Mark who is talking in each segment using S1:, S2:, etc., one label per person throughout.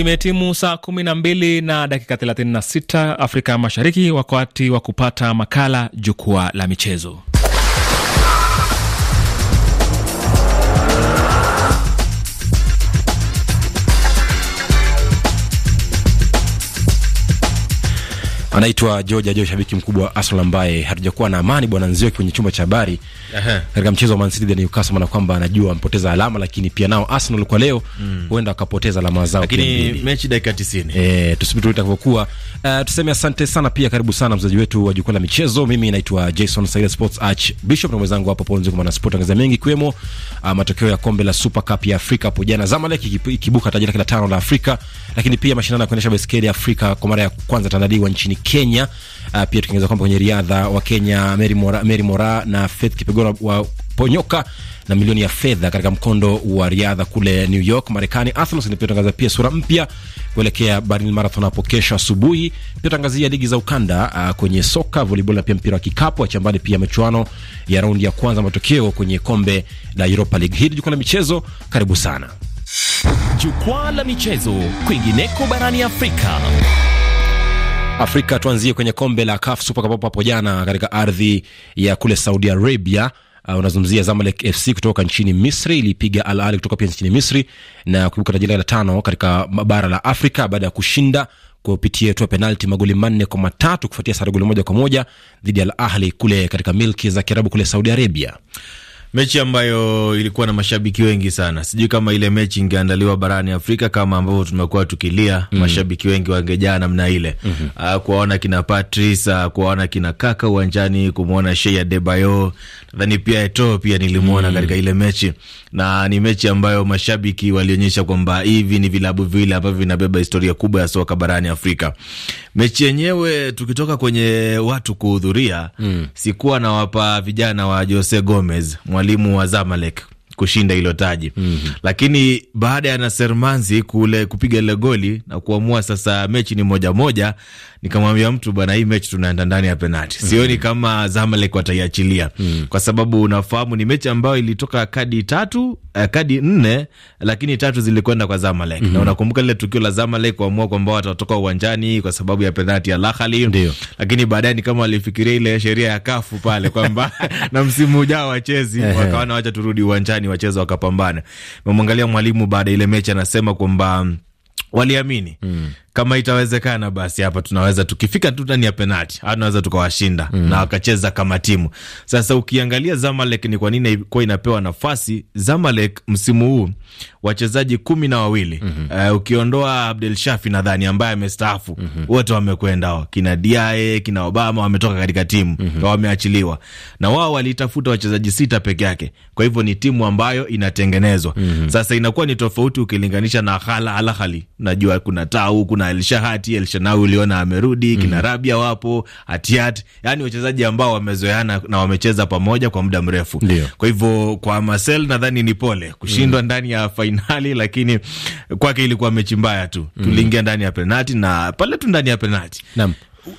S1: Imetimu saa kumi na mbili na dakika sita Afrika Mashariki, wakati wa kupata makala jukwaa la michezo.
S2: anaitwa Joja Jo, shabiki mkubwa wa Arsenal ambaye hatujakuwa na amani bwana Nzioki kwenye chumba cha habari katika mchezo wa Man City ya Newcastle, maana kwamba anajua ampoteza alama, lakini pia nao Arsenal kwa leo mm. huenda mm. akapoteza alama zao, lakini mechi dakika 90 eh, tusubiri tu itakavyokuwa. Uh, tuseme asante sana pia, karibu sana mzaji wetu wa jukwaa la michezo. Mimi naitwa Jason Saile Sports Arch Bishop na mwenzangu hapo Paul kwa mwana sport, angazia mengi ikiwemo uh, matokeo ya kombe la Super Cup ya Afrika hapo jana, Zamalek ikibuka tajira la tano la Afrika lakini pia mashindano ya kuendesha baiskeli Afrika kwa mara ya kwanza tandaliwa nchini Kenya. Uh, pia tukiongeza kwamba kwenye riadha wa Kenya Mary Mora, Mary Mora na Faith Kipegora wa ponyoka na milioni ya fedha katika mkondo wa riadha kule New York Marekani. Athlos pia tangaza pia sura mpya kuelekea Berlin Marathon hapo kesho asubuhi. Pia tangazia ligi za ukanda uh, kwenye soka, volleyball na pia mpira wa kikapu achambani, pia michuano ya raundi ya kwanza, matokeo kwenye kombe la Europa League. Hili jukwaa la michezo, karibu sana. Jukwaa la michezo kwingineko barani Afrika. Afrika, tuanzie kwenye kombe la CAF Super Cup hapo jana katika ardhi ya kule Saudi Arabia. Uh, unazungumzia Zamalek FC kutoka nchini Misri ilipiga Al Ahly kutoka pia nchini Misri na kuibuka tajiri la tano katika bara la Afrika baada ya kushinda kupitia hatua penalti magoli manne kwa matatu kufuatia sare goli moja kwa moja dhidi ya Al Ahly kule katika milki za Kiarabu kule Saudi Arabia
S1: mechi ambayo ilikuwa na mashabiki wengi sana. Sijui kama ile mechi ingeandaliwa barani Afrika kama ambavyo tumekuwa tukilia, mm -hmm. mashabiki wengi wangejaa namna ile mm -hmm. kuwaona kina Patrice, ah, kuwaona kina Kaka uwanjani, kumwona Shea Debayo nadhani pia eto pia nilimwona mm. katika ile mechi, na ni mechi ambayo mashabiki walionyesha kwamba hivi ni vilabu vile ambavyo vinabeba historia kubwa ya soka barani Afrika. Mechi yenyewe tukitoka kwenye watu kuhudhuria mm. sikuwa nawapa vijana wa Jose Gomez, mwalimu wa Zamalek kushinda hilo taji mm -hmm. Lakini baada ya Naser Manzi kule kupiga ile goli na kuamua sasa mechi ni moja moja, nikamwambia mtu bwana, hii mechi tunaenda ndani ya penalti, mm. sioni mm. kama Zamalek wataiachilia mm. kwa sababu unafahamu ni mechi ambayo ilitoka kadi tatu uh, kadi nne, lakini tatu zilikwenda kwa Zamalek mm. -hmm. na unakumbuka lile tukio la Zamalek kuamua kwamba watatoka uwanjani kwa sababu ya penalti ya Lahali. Ndiyo. lakini baadaye ni kama walifikiria ile sheria ya kafu pale kwamba na msimu ujao wachezi wakaona, wacha turudi uwanjani, wacheza wakapambana. Memwangalia mwalimu baada ile mechi anasema kwamba waliamini mm kama itawezekana, basi hapa tunaweza tukifika tu ndani ya penati penalti tunaweza tukawashinda mm. na wakacheza kama timu. Sasa ukiangalia Zamalek ni kwa nini kwa inapewa nafasi Zamalek msimu huu wachezaji kumi na wawili mm -hmm. uh, ukiondoa Abdel Shafi nadhani ambaye amestaafu mm -hmm. wote wamekwenda, kina Diae kina Obama wametoka katika timu mm -hmm. wameachiliwa, na wao walitafuta wachezaji sita peke yake. Kwa hivyo ni timu ambayo inatengenezwa mm -hmm. Sasa inakuwa ni tofauti ukilinganisha na Hala Al Ahly, najua kuna tau kuna Elshahati Elshanawi uliona amerudi, mm. kina Rabia wapo, Atiat, yani wachezaji ambao wamezoeana na wamecheza pamoja kwa muda mrefu Kwa hivyo kwa Marcel nadhani ni pole kushindwa mm. ndani ya fainali, lakini kwake ilikuwa mechi mbaya tu, mm. tuliingia ndani ya penati na pale tu ndani ya penati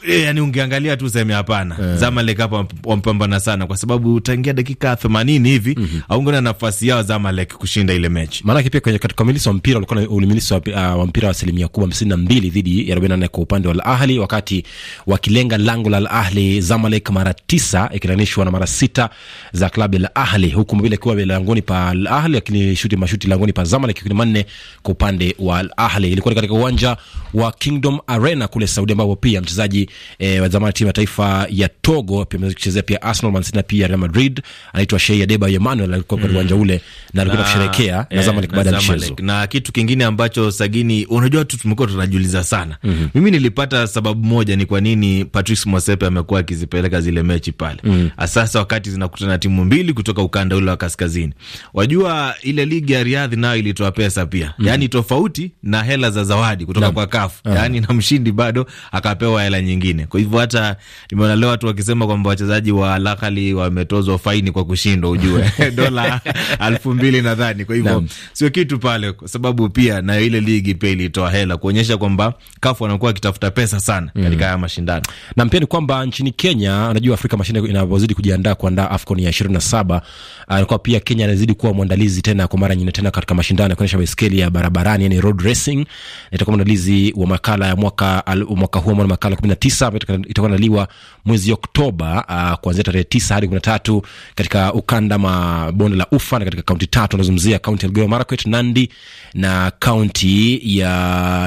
S1: E, yani ungeangalia tu useme hapana yeah. Zamalek hapa wampambana sana kwa sababu utaingia dakika themanini hivi mm -hmm. Aungona nafasi yao Zamalek kushinda ile mechi,
S2: maanake pia kwenye katika umilisi wa mpira ulikuwa na umilisi ah, wa, mpira wa asilimia kubwa hamsini na mbili dhidi ya arobaini na nne kwa upande wa Al Ahli, wakati wakilenga lango la Al Ahli. Zamalek mara tisa ikilinganishwa na mara sita za klabu ya Al Ahli, huku mbili akiwa langoni pa Al Ahli, lakini shuti mashuti langoni pa Zamalek kuna manne kwa upande wa Al Ahli. Ilikuwa katika uwanja wa Kingdom Arena kule Saudi, ambapo pia mchezaji mchezaji eh, wa zamani timu ya taifa ya Togo, pia ameweza kuchezea pia Arsenal, Man City na pia Real Madrid. Anaitwa Sheyi Adeba Emmanuel, alikuwa mm. uwanja ule
S1: na alikuwa kusherekea na eh, Zamalek baada ya mchezo. Na kitu kingine ambacho sagini, unajua tu tumekuwa tunajiuliza sana mm -hmm. Mimi nilipata sababu moja ni kwa nini Patrice Motsepe amekuwa akizipeleka zile mechi pale mm -hmm. Sasa wakati zinakutana timu mbili kutoka ukanda ule wa kaskazini, wajua ile ligi ya riadhi nayo ilitoa pesa pia mm -hmm. Yani tofauti na hela za zawadi kutoka Lam. kwa kafu ah. yani, na mshindi bado akapewa hela nyingine. Kwa hivyo hata nimeona leo watu wakisema kwamba wachezaji wa Al Ahly wametozwa faini kwa kushindwa, ujue dola elfu mbili nadhani. Kwa hivyo sio kitu pale, kwa sababu pia nayo ile ligi pia ilitoa hela kuonyesha kwamba kafu wanakuwa wakitafuta pesa sana mm. katika haya mashindano, na pia ni kwamba nchini
S2: Kenya, unajua Afrika mashindano inavyozidi kujiandaa kuandaa AFCON ya ishirini na saba anakuwa uh, pia Kenya anazidi kuwa mwandalizi tena kwa mara nyingine tena katika mashindano ya kuonyesha baiskeli ya barabarani, yani road racing, na itakuwa mwandalizi wa makala ya mwaka mwaka huu, makala kumi 29 ambayo itakuwa inaandaliwa mwezi Oktoba uh, kuanzia tarehe 9 hadi kumi na tatu katika ukanda ma bonde la Ufa na katika kaunti tatu anazungumzia kaunti ya Elgeyo Marakwet, Nandi na kaunti ya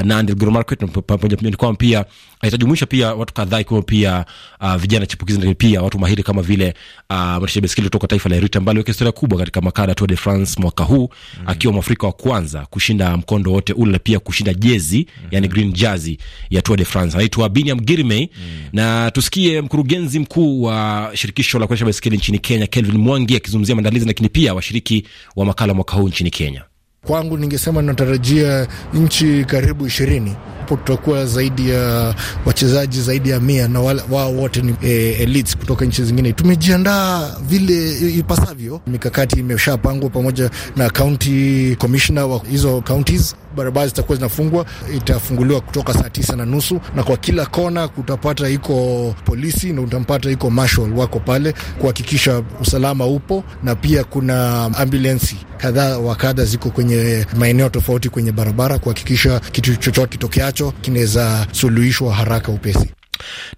S2: Nandi, Elgeyo Marakwet pamoja ni kwamba pia ah, itajumuisha pia watu kadhaa ikiwemo pia uh, vijana chipukizi, lakini pia watu mahiri kama vile uh, mwendesha baiskeli kutoka taifa la Eritrea ambaye aliweka historia kubwa katika makala ya Tour de France mwaka huu mm -hmm. akiwa Mwafrika wa kwanza kushinda mkondo wote ule, pia kushinda jezi mm -hmm. yani green jersey ya Tour de France anaitwa Biniam Kirmey mm. na tusikie mkurugenzi mkuu wa shirikisho la kuendesha baiskeli nchini Kenya Kelvin Mwangi akizungumzia maandalizi, lakini pia washiriki wa makala mwaka huu nchini Kenya.
S1: Kwangu ningesema natarajia nchi karibu
S2: ishirini hapo tutakuwa zaidi ya wachezaji zaidi ya mia na wao wote ni eh, elites kutoka nchi zingine. Tumejiandaa vile ipasavyo, mikakati imeshapangwa pamoja na county commissioner wa hizo counties. Barabara zitakuwa zinafungwa, itafunguliwa kutoka saa tisa na nusu na kwa kila kona utapata iko polisi na utampata iko marshal wako pale kuhakikisha usalama upo, na pia kuna ambulensi kadhaa wa kadha ziko kwenye maeneo tofauti kwenye barabara kuhakikisha kitu chochote kitokea ambacho kinaweza suluhishwa haraka upesi.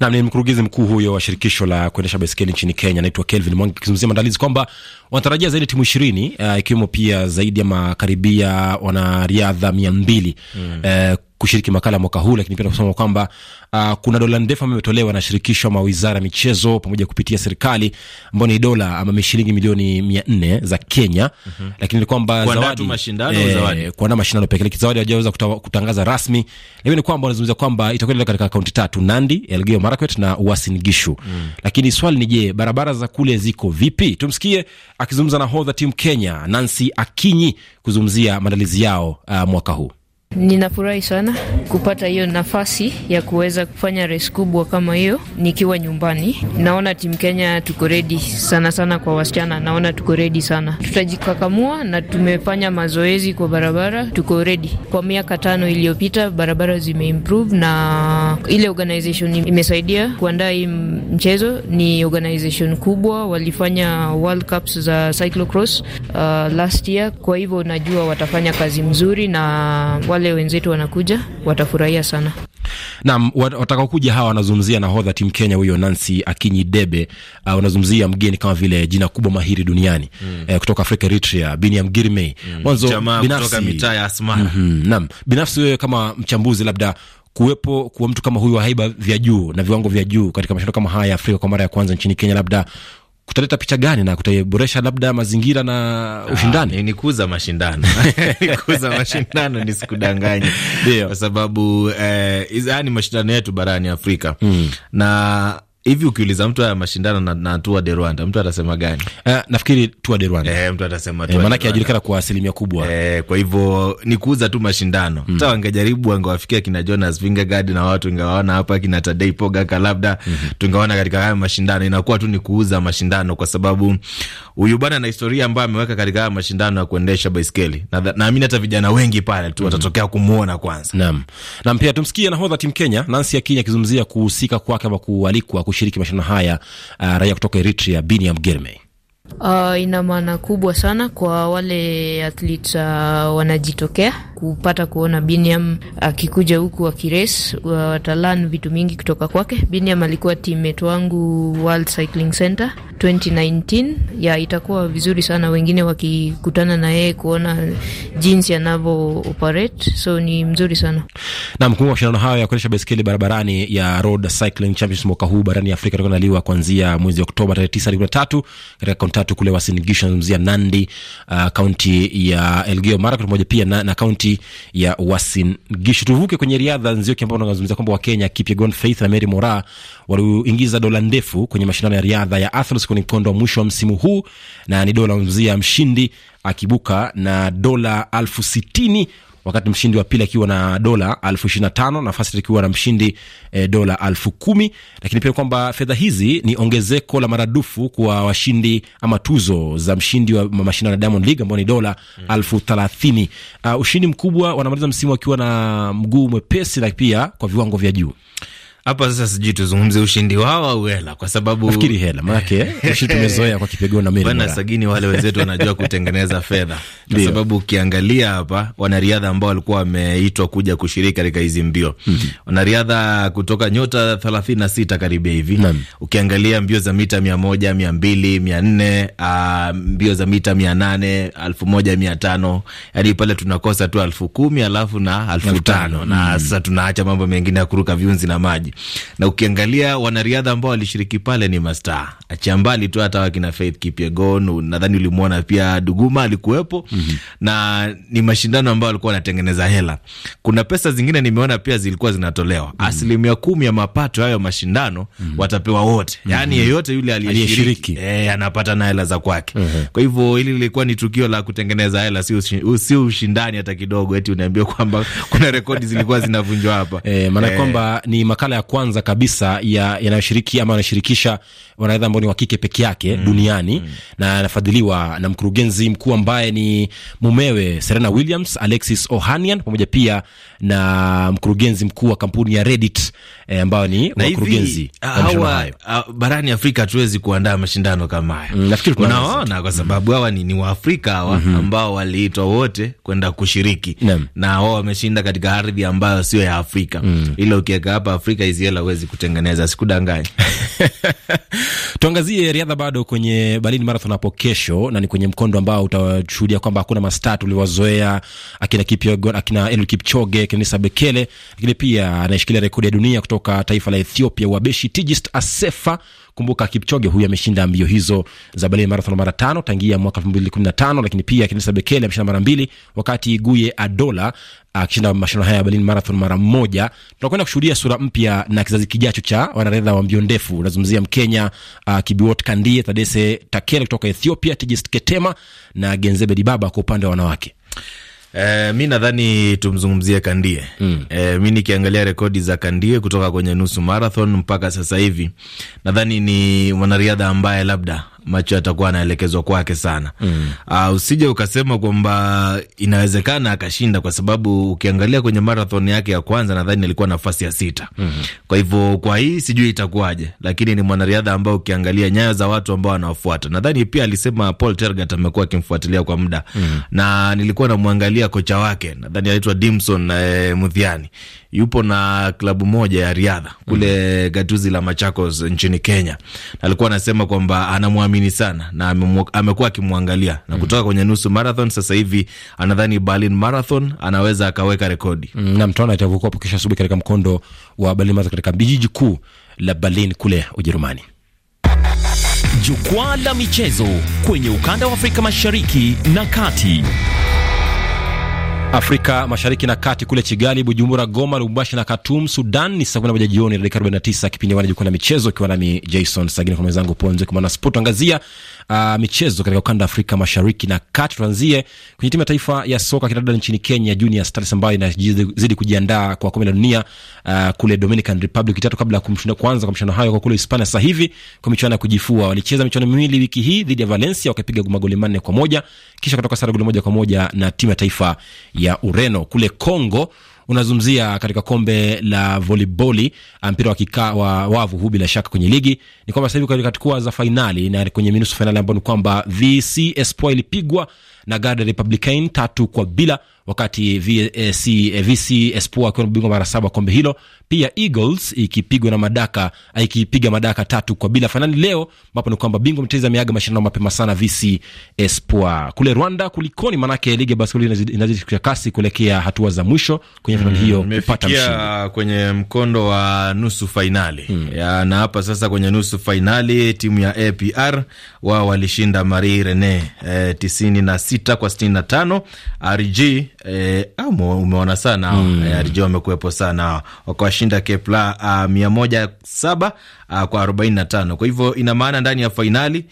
S2: Nam ni mkurugenzi mkuu huyo wa shirikisho la kuendesha baiskeli nchini Kenya, anaitwa Kelvin Mwangi, akizungumzia maandalizi kwamba wanatarajia zaidi timu ishirini eh, ikiwemo pia zaidi ya makaribia wanariadha mia mbili mm. uh, kushiriki makala mwaka huu, lakini pia kusema kwamba uh, kuna dola ndefu ambayo imetolewa na shirikisho ama wizara ya michezo pamoja kupitia serikali ambayo ni dola ama shilingi milioni mia nne za Kenya. mm -hmm. Lakini ni kwamba zawadi mashindano eh, zawadi kuandaa mashindano pekee, lakini zawadi hajaweza kutangaza rasmi, lakini ni kwamba wanazungumza kwamba itakuwa katika kaunti tatu, Nandi, Elgeyo Marakwet na Uasin Gishu. mm. Lakini swali ni je, barabara za kule ziko vipi? Tumsikie akizungumza na hodha timu Kenya Nancy Akinyi kuzungumzia maandalizi yao uh, mwaka huu.
S3: Ninafurahi sana kupata hiyo nafasi ya kuweza kufanya race kubwa kama hiyo nikiwa nyumbani. Naona tim Kenya tuko redi sana sana, kwa wasichana naona tuko redi sana, tutajikakamua na tumefanya mazoezi kwa barabara, tuko redi. Kwa miaka tano iliyopita barabara zimeimprove na ile organization imesaidia kuandaa hii mchezo. Ni organization kubwa, walifanya World Cups za cyclocross uh, last year. Kwa hivyo najua watafanya kazi mzuri na wale wale wenzetu wanakuja watafurahia sana.
S2: Naam, watakaokuja hawa wanazungumzia nahodha timu Kenya huyo Nancy Akinyi Debe, ah, wanazungumzia uh, mgeni kama vile jina kubwa mahiri duniani mm. eh, kutoka Afrika Eritrea, Biniam Girmay mm. mwanzo binafsi mitaa ya Asmara mm -hmm. Naam, binafsi wewe kama mchambuzi labda kuwepo kuwa mtu kama huyu wa haiba vya juu na viwango vya juu katika mashindano kama haya ya Afrika kwa mara ya kwanza nchini Kenya labda kutaleta picha gani na kutaboresha labda mazingira na ah,
S1: ushindani? Ni kuza mashindano, ni kuza mashindano, nisikudanganye, ndio kwa sababu eh, ni yaani mashindano yetu barani Afrika mm. na hivi ukiuliza mtu haya mashindano na, na Tour de Rwanda mtu atasema gani? Uh, nafikiri Tour de Rwanda eh, mtu atasema eh, maanake ajulikana kwa asilimia kubwa eh, kwa hivyo ni kuuza tu mashindano mm. Hata wangejaribu wangewafikia kina Jonas Vingegaard na watu tungewaona hapa kina Tadej Pogacar labda mm -hmm. tungewaona katika haya mashindano, inakuwa tu ni kuuza mashindano, kwa sababu huyu bwana na historia ambayo ameweka katika haya mashindano ya kuendesha baiskeli, naamini na hata vijana wengi pale tu hmm. watatokea kumuona kwanza. Naam,
S2: na pia tumsikie nahodha timu Kenya Nancy Akinyi akizungumzia kuhusika kwake ama kualikwa kushiriki mashindano haya, uh, raia kutoka Eritrea Biniam Germay.
S3: Uh, ina maana kubwa sana kwa wale athletes uh, wanajitokea kupata kuona Biniam akikuja uh, huku akirace wa uh, watalan vitu mingi kutoka kwake. Biniam alikuwa teammate wangu World Cycling Center 2019. Ya itakuwa vizuri sana wengine wakikutana na yeye kuona jinsi anavyo operate, so ni mzuri sana
S2: na mkumbuka mashindano hayo ya kuendesha baiskeli barabarani ya Road Cycling Championships mwaka huu barani Afrika yatakuwa kuandaliwa kuanzia mwezi Oktoba tarehe 9 hadi 13 katika tatu kule Wasinigisha, nazungumzia Nandi uh, kaunti uh, ya Elgeyo Marakwet moja pia na kaunti ya Wasingishu. Tuvuke kwenye riadha, Nzioki, ambao unazungumzia kwamba Wakenya Kipyegon Faith na Mary Moraa waliingiza dola ndefu kwenye mashindano ya riadha ya Athens kwenye mkondo wa mwisho wa msimu huu, na ni dola nazungumzia mshindi akibuka na dola elfu sitini wakati mshindi wa pili akiwa na dola elfu ishirini na tano na first ikiwa na mshindi e, dola elfu kumi Lakini pia kwamba fedha hizi ni ongezeko la maradufu kwa washindi ama tuzo za mshindi wa mashindano ya Diamond League ambao ni dola elfu mm. thelathini Uh, ah, ushindi mkubwa, wanamaliza msimu akiwa na mguu mwepesi na pia kwa viwango vya juu
S1: hapa sasa sijui tuzungumze ushindi wao au hela, kwa sababu nafikiri hela maanake eh, ushindi tumezoea kwa kipigwa na mimi bana sagini. Wale wenzetu wanajua kutengeneza fedha, kwa sababu ukiangalia hapa wanariadha ambao walikuwa wameitwa kuja kushiriki katika hizi mbio mm -hmm. wanariadha kutoka nyota thelathini na sita karibia hivi mm -hmm. ukiangalia mbio za mita mia moja mia mbili mia nne ah, mbio za mita mia nane elfu moja mia tano yani pale tunakosa tu elfu kumi alafu na elfu tano na mm. sasa tunaacha mambo mengine ya kuruka viunzi na maji na ukiangalia wanariadha ambao walishiriki pale ni mastaa, achia mbali tu hata wakina Faith Kipyegon, nadhani ulimwona pia Duguma alikuwepo mm -hmm. na ni mashindano ambayo walikuwa wanatengeneza hela. Kuna pesa zingine nimeona pia zilikuwa zinatolewa mm -hmm. asilimia kumi ya mapato hayo mashindano mm -hmm. watapewa wote, mhm. yaani mm -hmm. yeyote yule aliyeshiriki eh, anapata na hela za kwake mm -hmm. kwa hivyo hili lilikuwa ni tukio la kutengeneza hela, sio ushindani hata kidogo, eti unaambia kwamba kuna rekodi zilikuwa zinavunjwa hapa eh, maana eh. kwamba
S2: ni makala ya kwanza kabisa ya yanayoshiriki ama anashirikisha wanariadha ambao ni wakike peke yake mm, duniani mm, na anafadhiliwa na mkurugenzi mkuu ambaye ni mumewe Serena Williams, Alexis Ohanian, pamoja pia na mkurugenzi mkuu wa kampuni ya Reddit eh, ambao ni wakurugenzi hawa
S1: uh, Barani Afrika hatuwezi kuandaa mashindano kama haya mm, nafikiri unaona, kwa sababu hawa ni, ni Waafrika hawa mm -hmm. ambao waliitwa wote kwenda kushiriki Nem. na wao wameshinda katika ardhi ambayo sio ya Afrika mm. ila ukiweka hapa Afrika hizi hela huwezi kutengeneza, sikudanganya
S2: Tuangazie riadha bado kwenye Berlin Marathon hapo kesho, na ni kwenye mkondo ambao utashuhudia kwamba hakuna mastaa tuliowazoea akina Kipyegon, akina Eliud Kipchoge, Kenenisa Bekele, lakini pia anayeshikilia rekodi ya dunia kutoka kutoka taifa la Ethiopia, Wabeshi Tigist Asefa. Kumbuka Kipchoge huyu ameshinda mbio hizo za Berlin Marathon mara tano tangia mwaka 2015, lakini pia Kenesa Bekele ameshinda mara mbili, wakati Guye Adola akishinda mashindano haya ya Berlin Marathon mara moja. Tunakwenda kushuhudia sura mpya na kizazi kijacho cha wanariadha wa mbio ndefu. Unazungumzia Mkenya uh, Kibiwot Kandie, Tadese Takele kutoka Ethiopia, Tigist Ketema na Genzebe
S1: Dibaba kwa upande wa wanawake. Eh, mi nadhani tumzungumzie Kandie mm. E, mi nikiangalia rekodi za Kandie kutoka kwenye nusu marathon mpaka sasa hivi, nadhani ni mwanariadha ambaye labda macho yatakuwa anaelekezwa kwake sana. Mm. Uh, usije ukasema kwamba inawezekana akashinda, kwa sababu ukiangalia kwenye marathon yake ya kwanza nadhani alikuwa nafasi ya sita. Mm. Kwa hivyo kwa hii sijui itakuwaje, lakini ni mwanariadha ambao ukiangalia nyayo za watu ambao anawafuata, nadhani pia alisema Paul Tergat amekuwa akimfuatilia kwa muda. Mm. Na nilikuwa namwangalia kocha wake, nadhani anaitwa Dimson eh, Mudhiani yupo na klabu moja ya riadha kule mm. Gatuzi la Machakos nchini Kenya, alikuwa anasema kwamba anamwamini sana na amekuwa akimwangalia na mhm. kutoka kwenye nusu marathon, sasa hivi anadhani Berlin Marathon anaweza akaweka rekodi mm. na mtaona itavuka hapo
S2: kesho asubuhi katika mkondo wa Berlin Marathon katika jiji kuu la Berlin kule Ujerumani. Jukwaa la michezo kwenye ukanda wa Afrika Mashariki na Kati. Afrika Mashariki na Kati, kule Kigali, Bujumbura, Goma, Lubumbashi na Khartoum, Sudan. Ni saa 11 jioni na dakika 49, kipindi wana jukwaa la michezo, ikiwa nami Jason Sagini kwa mwenzangu Ponzo kwa sport angazia uh, michezo katika ukanda wa Afrika Mashariki na Kati. Tuanzie kwenye timu ya taifa ya soka kidada nchini Kenya, Junior Stars ambayo inazidi kujiandaa kwa kombe la dunia uh, kule Dominican Republic tatu kabla ya kuanza kwa mashindano hayo kwa kule Hispania. Sasa hivi kwa michuano ya kujifua, walicheza michuano miwili wiki hii dhidi ya Valencia wakapiga magoli manne kwa moja kisha kutoka sare goli moja kwa moja na timu ya taifa ya Ureno. Kule Congo unazungumzia katika kombe la voliboli ah, mpira wa kika, wa wavu huu bila shaka kwenye ligi ni kwamba sasa hivi katika hatua za fainali na kwenye minusu fainali ambao ni kwamba VC Espoir ilipigwa na Garda Republicain tatu kwa bila wakati VSC, VC Espoir eh, akiwa na mabingwa mara saba wa kombe hilo. Pia Eagles ikipigwa na Madaka, eh, ikipiga Madaka tatu kwa bila fainali leo, ambapo ni kwamba bingwa mtetezi ameaga mashindano mapema sana. VC Espoir kule Rwanda kulikoni? Maanake ligi ya basketball inazidi kushika kasi kuelekea hatua za mwisho kwenye fainali hiyo, mm, kupata mshindi
S1: kwenye mkondo wa nusu fainali hmm. na hapa sasa kwenye nusu fainali timu ya APR wao walishinda Marie Rene eh, 96 kwa 65 RG E, umeona sana mm. E, eh, Arjo wamekuwepo sana wakawashinda Kepla a, ah, mia moja saba a, ah, kwa arobaini na tano. Kwa hivyo ina maana ndani ya fainali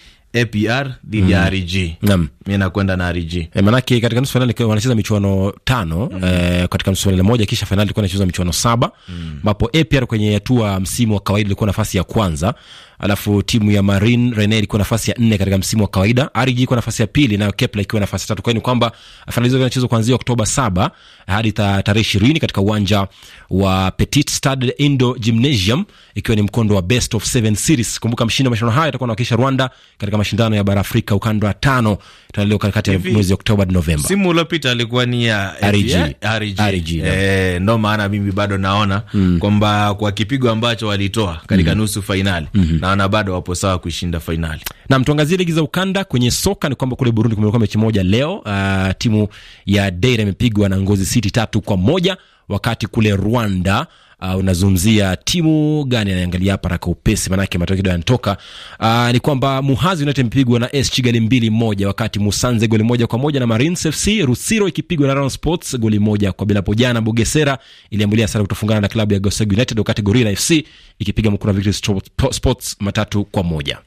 S1: APR dhidi ya mm. RG. Naam. Mimi nakwenda na RG. E,
S2: eh, manake katika nusu finali wanacheza michuano tano mm. E, katika nusu finali moja kisha finali ilikuwa inacheza michuano saba hmm. ambapo mm. APR kwenye hatua msimu wa kawaida ilikuwa nafasi ya kwanza alafu timu ya Marin Rene ilikuwa nafasi ya nne katika msimu wa kawaida. RG ilikuwa nafasi ya pili, nayo Kepla ikiwa nafasi tatu. Kwa hiyo ni kwamba fainali hizo zinachezwa kuanzia Oktoba saba hadi tarehe ishirini katika uwanja wa Petit Stade Indo Gymnasium, ikiwa ni mkondo wa best of seven series. Kumbuka mshindi wa mashindano hayo atakuwa anawakilisha Rwanda katika mashindano ya bara Afrika ukanda wa tano tandaliwa katikati ya mwezi Oktoba Novemba.
S1: Simu uliopita alikuwa ni ya RG, RG. RG, eh, ndo maana mimi bado naona mm. kwamba kwa kipigo ambacho walitoa katika mm. nusu fainali mm -hmm ana bado wapo sawa kuishinda fainali.
S2: Nam, tuangazie ligi za ukanda. Kwenye soka ni kwamba kule Burundi kumekuwa mechi moja leo. Uh, timu ya Deira imepigwa na Ngozi City tatu kwa moja wakati kule Rwanda uh, unazungumzia timu gani anaangalia hapa haraka upesi, manake matokeo kidogo yanatoka. Uh, ni kwamba Muhazi United mpigwa na SC Gani mbili moja, wakati Musanze goli moja kwa moja na Marines FC, Rusiro ikipigwa na Round Sports goli moja kwa bila. jana Bugesera iliambulia sare kutofungana na klabu ya Goseg United, wakati Gorilla FC ikipiga Mukura Victory Sports matatu kwa
S1: moja.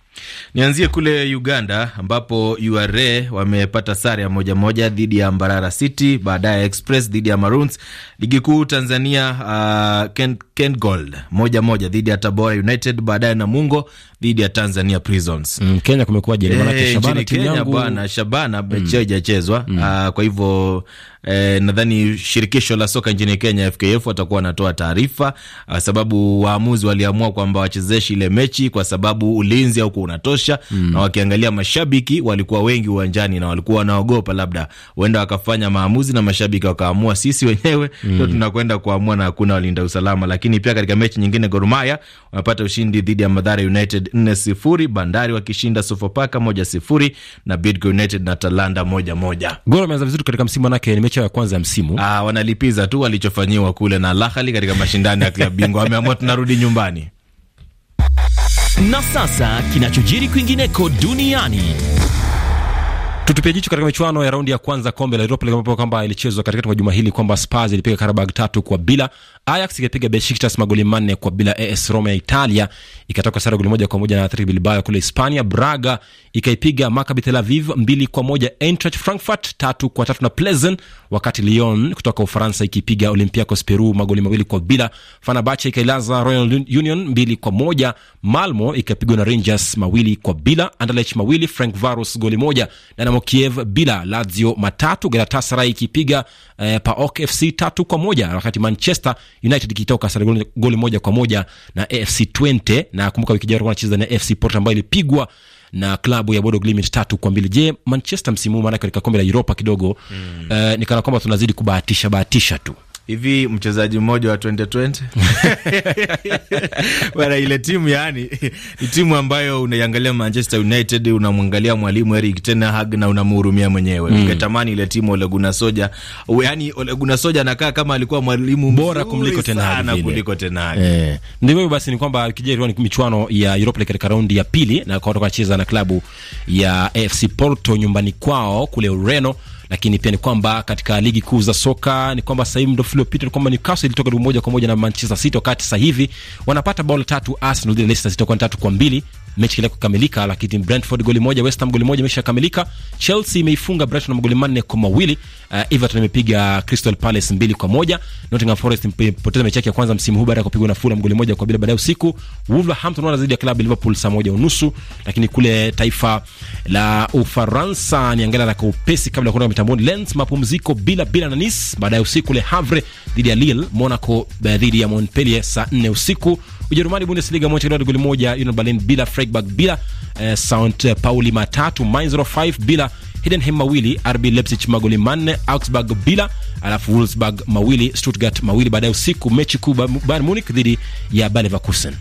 S1: Nianzie kule Uganda ambapo URA wamepata sare ya moja moja dhidi ya Mbarara City, baadaye Express dhidi ya Maroons. Ligi kuu Tanzania, uh, Ken, Ken Gold moja moja dhidi ya Tabora United, baadaye Namungo dhidi ya Tanzania Prisons. Mm, Kenya kumekuwa je, maana hey, eh, Shabana timu mm. yangu bwana Shabana mechi mm. haijachezwa mm. Uh, kwa hivyo eh, nadhani shirikisho la soka nchini Kenya FKF watakuwa wanatoa taarifa uh, sababu waamuzi waliamua kwamba wachezeshi ile mechi kwa sababu ulinzi haukuwa unatosha mm. na wakiangalia mashabiki walikuwa wengi uwanjani na walikuwa wanaogopa labda huenda wakafanya maamuzi na mashabiki wakaamua sisi wenyewe mm. tunakwenda kuamua na hakuna walinda usalama. Lakini pia katika mechi nyingine Gor Mahia wamepata ushindi dhidi ya Madhara United 4 Bandari wakishinda Sofapaka 1-0 na Bidco United na Talanda 1-1. Gor ameanza vizuri katika msimu, manake ni mechi ya kwanza ya msimu. Ah, wanalipiza tu walichofanyiwa kule na Lahali katika mashindano ya klabu bingwa, wameamua tunarudi nyumbani.
S2: Na sasa kinachojiri kwingineko duniani Tutupie jicho katika michuano ya raundi ya kwanza kombe la Europa ambapo kwamba ilichezwa katikati kwa juma hili kwamba Spurs ilipiga Karabag tatu kwa bila, Ajax ikapiga Beshiktas magoli manne kwa bila, AS Roma ya Italia ikatoka sare goli moja kwa moja na Athletic Bilbao kule Hispania, Braga ikaipiga Maccabi Tel Aviv mbili kwa moja, Eintracht Frankfurt tatu kwa tatu na Plezen, wakati Lyon kutoka Ufaransa ikipiga Olympiacos Peru magoli mawili kwa bila, Fenerbahce ikailaza Royal Union mbili kwa moja, Malmo ikapigwa na Rangers mawili kwa bila, Anderlecht mawili, Frank Varus goli moja na mnamo Kiev bila Lazio matatu, Galatasaray ikipiga eh, PAOK FC tatu kwa moja, wakati Manchester United ikitoka sare goli moja kwa moja na AFC Twente, na kumbuka wiki jana wanacheza na AFC Port ambayo ilipigwa na klabu ya Bodo Glimt tatu kwa mbili. Je, Manchester msimu huu maanake katika kombe la uropa kidogo mm. eh, nikana kwamba tunazidi kubahatisha bahatisha tu
S1: hivi mchezaji mmoja wa 2020 bana ile timu yani, ni timu ambayo unaiangalia Manchester United, unamwangalia mwalimu Erik ten Hag na unamhurumia mwenyewe mm. Ungetamani ile timu Ole Gunnar Solskjaer, yani Ole Gunnar anakaa kama alikuwa mwalimu bora kumliko ten Hag kuliko ten Hag eh.
S2: Ndivyo basi ni kwamba kijeri ni michuano ya Europa League katika raundi ya pili, na kwa kutoka cheza na klabu ya FC Porto nyumbani kwao kule Ureno lakini pia ni kwamba katika ligi kuu za soka ni kwamba sasa hivi muda uliopita ni kwamba Newcastle ilitoka moja kwa moja na Manchester City, wakati sasa hivi wanapata bao tatu Arsenal dhidi ya Leicester City kwa tatu kwa mbili mechi ile kukamilika, lakini Brentford goli moja, West Ham goli moja imeshakamilika. Chelsea imeifunga Brighton magoli manne kwa mawili. Uh, Everton imepiga Crystal Palace mbili kwa moja. Nottingham Forest imepoteza mechi yake ya kwanza msimu huu baada ya kupigwa na Fulham goli moja kwa bila baadaye usiku. Wolverhampton wanazidi ya klabu Liverpool saa moja unusu, lakini kule taifa la Ufaransa niangalia na kwa kabla ya kuondoka mitamboni. Lens mapumziko bila bila na Nice baadaye usiku. Le Havre dhidi ya Lille, Monaco eh, dhidi ya Montpellier saa 4 usiku. Ujerumani Bundesliga Monchengladbach Gladbach goli moja, Union Berlin bila, Freiburg bila, eh, St Pauli matatu, Mainz 05 bila, Heidenheim mawili, RB Leipzig magoli manne, Augsburg bila, alafu Wolfsburg mawili, Stuttgart mawili. Baadaye usiku mechi kuu
S1: Bayern Munich dhidi ya Bayer Leverkusen.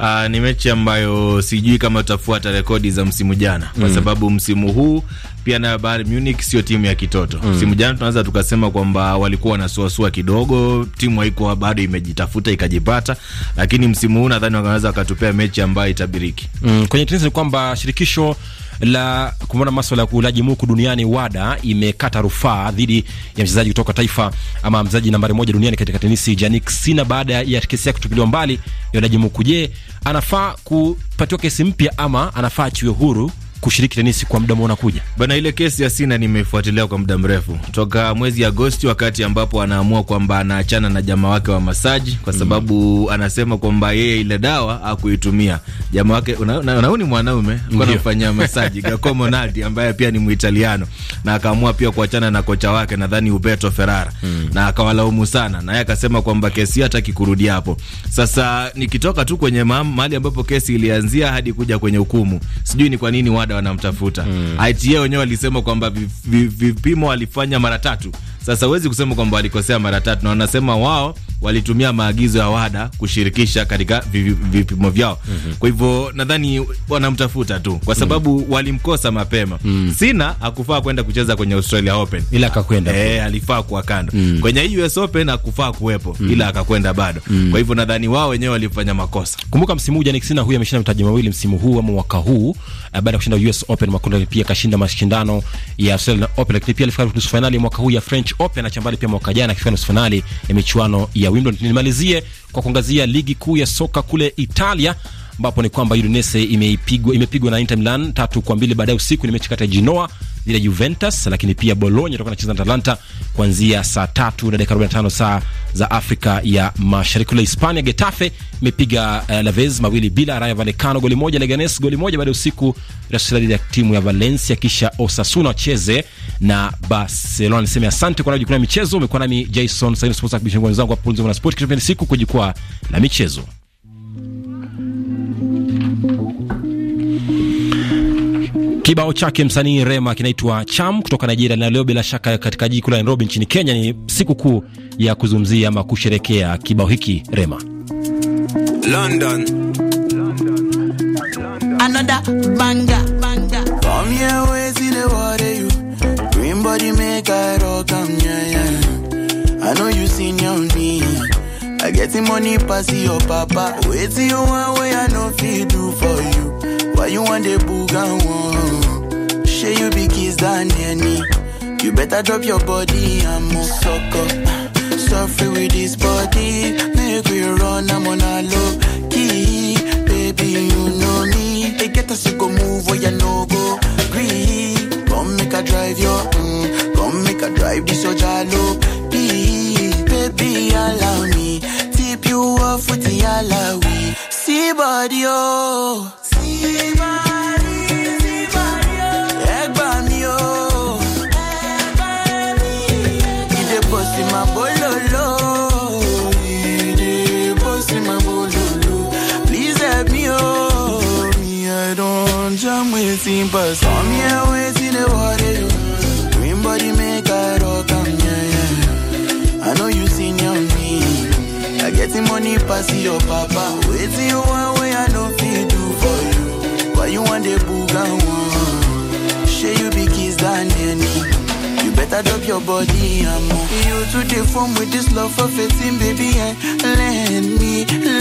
S1: Uh, ni mechi ambayo sijui kama tutafuata rekodi za msimu jana kwa mm. sababu msimu huu pia nayo Bayern Munich sio timu ya kitoto mm. msimu jana tunaweza tukasema kwamba walikuwa wanasuasua kidogo, timu haikuwa bado imejitafuta ikajipata, lakini msimu huu nadhani wanaweza wakatupea mechi ambayo itabiriki mm. kwenye
S2: tenisi ni kwamba shirikisho la kumona maswala ya kulaji muku duniani WADA imekata rufaa dhidi ya mchezaji kutoka taifa ama mchezaji nambari moja duniani katika tenisi Jannik Sinner baada ya kesi yake kutupiliwa mbali ya ulaji muku. Je, anafaa kupatiwa kesi mpya ama anafaa achiwe huru kushiriki
S1: tenisi kwa muda mwona kuja Bana, ile kesi ya Sina nimefuatilia kwa muda mrefu toka mwezi Agosti, wakati ambapo anaamua kwamba anaachana na jamaa wake wa masaji kwa mm. sababu mm, anasema kwamba yeye ile dawa akuitumia jamaa wake unauni mwanaume alikuwa anafanyia masaji Gakpo Monaldi ambaye pia ni Muitaliano, na akaamua pia kuachana na kocha wake nadhani Uberto Ferrara mm, na akawalaumu sana, na yeye akasema kwamba kesi hataki kurudia hapo. Sasa nikitoka tu kwenye mahali ambapo kesi ilianzia hadi kuja kwenye hukumu, sijui ni kwa nini wada wanamtafuta. Mm. ITA wenyewe walisema kwamba vipimo walifanya mara tatu sasa huwezi kusema kwamba walikosea mara tatu, na wanasema wao walitumia maagizo ya WADA kushirikisha katika vipimo vyao. mm -hmm. Kwa hivyo nadhani wanamtafuta tu kwa mhm. sababu mm -hmm. walimkosa mapema mm -hmm. Sina akufaa kwenda kucheza kwenye Australia Open
S2: ila akakwenda, eh,
S1: alifaa kuwa kando mm -hmm. kwenye US Open akufaa kuwepo mm -hmm. ila akakwenda bado mm -hmm. Kwa hivyo nadhani wao wenyewe walifanya makosa.
S2: Kumbuka msimu huu Jannik Sinner huyu ameshinda mataji mawili msimu huu ama mwaka huu eh, baada ya kushinda US Open, pia kashinda mashindano ya Australia Open, lakini pia alifika nusu finali mwaka huu ya French French Open achambali pia mwaka jana akifika nusu finali ya michuano ya Wimbledon. Nimalizie kwa kuangazia ligi kuu ya soka kule Italia ambapo ni kwamba Udinese imepigwa imepigwa na Inter Milan tatu kwa mbili baadaye usiku ni mechi kati ya Genoa dhidi ya Juventus, lakini pia Bologna itakuwa inacheza na Atalanta kuanzia saa tatu na dakika 45 saa za Afrika ya Mashariki. Kule Hispania, Getafe imepiga uh, eh, Alaves mawili bila, Rayo Vallecano goli moja, Leganes goli moja baada ya usiku dhidi ya timu ya Valencia, kisha Osasuna wacheze na Barcelona. Niseme asante kwa kujikuna michezo. Umekuwa nami Jason Sainz, Sports, wenzangu na Sport, siku kwa na michezo. Kibao chake msanii Rema kinaitwa Cham kutoka Nigeria, na leo bila shaka katika jiji kuu la Nairobi nchini Kenya ni siku kuu ya kuzungumzia ama kusherekea kibao hiki
S1: Rema. London. London.
S4: Another banga banga Why you want the boogan Share you be kiss than any. You better drop your body and move suck up. Suffer with this body, make we run. I'm on a low key, baby. You know me. They get us to go move where you no go. Green, come make a drive your, mm, come make a drive this your jalo. Baby, allow me tip you off with the alawi. See body oh. see your papa. Wait till you one way I know feel do for you. Why you want the boogan? Share you be kiss than You better drop your body and move. You to the form with this love for fitting, baby. And eh. lend me,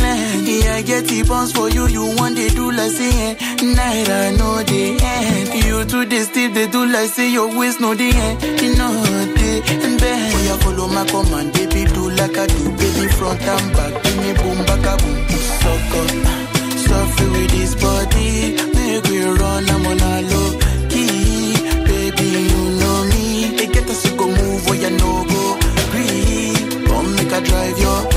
S4: lend me. I get the bones for you. You want the do like say eh. night I know the end. You to the steep, they do like say your waist no the end. You know the bend. Oh, yeah, follow my command, baby. Do like I do, baby front and back, give me boom, back a boom. Fuck up, suffer with this body, make we run, I'm on a low key, baby you know me. They get us to go move where you know go, agree, come make I drive your.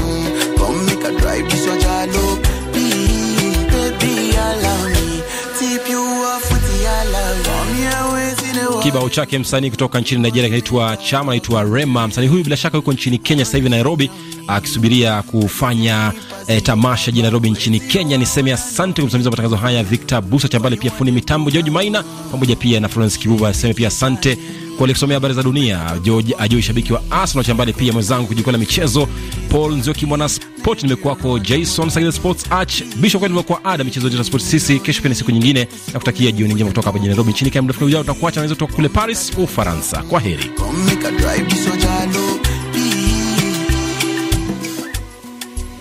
S2: kibao chake msanii kutoka nchini Nigeria kinaitwa Chama, anaitwa Rema. Msanii huyu bila shaka yuko nchini Kenya sasa hivi Nairobi, akisubiria kufanya eh, tamasha jijini Nairobi nchini Kenya. Niseme asante kumsimamiza matangazo haya Victor Busa Chambale, pia fundi mitambo George Maina pamoja pia na Florence Kibuba. Niseme pia asante kwa likusomea habari za dunia. George Ajoi, shabiki wa Arsenal shambani, pia mwenzangu kujukwaa na michezo Paul Nzioki, mwana sport nimekuwako, Jason Sagile sports arch bishop, kwa nimekuwa ada michezo ya sport. Sisi kesho pia ni siku nyingine, na kutakia jioni njema kutoka hapa Nairobi nchini Kenya. Muda ujao utakuacha na hizo kutoka kule Paris, Ufaransa. Kwa heri.